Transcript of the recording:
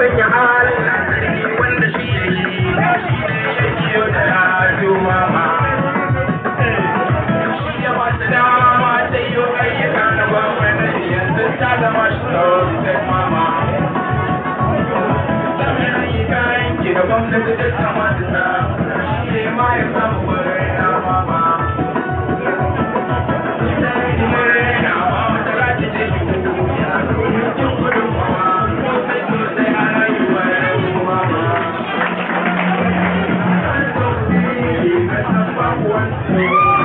sanya halin sarki wanda shi ya yi shi ne ya yi da rajo mama shi ya ba ta dama ta yi ayyuka na gwamnati yanzu zama shi da mama Tsamin ayyukan da gwamnati ta Thank you.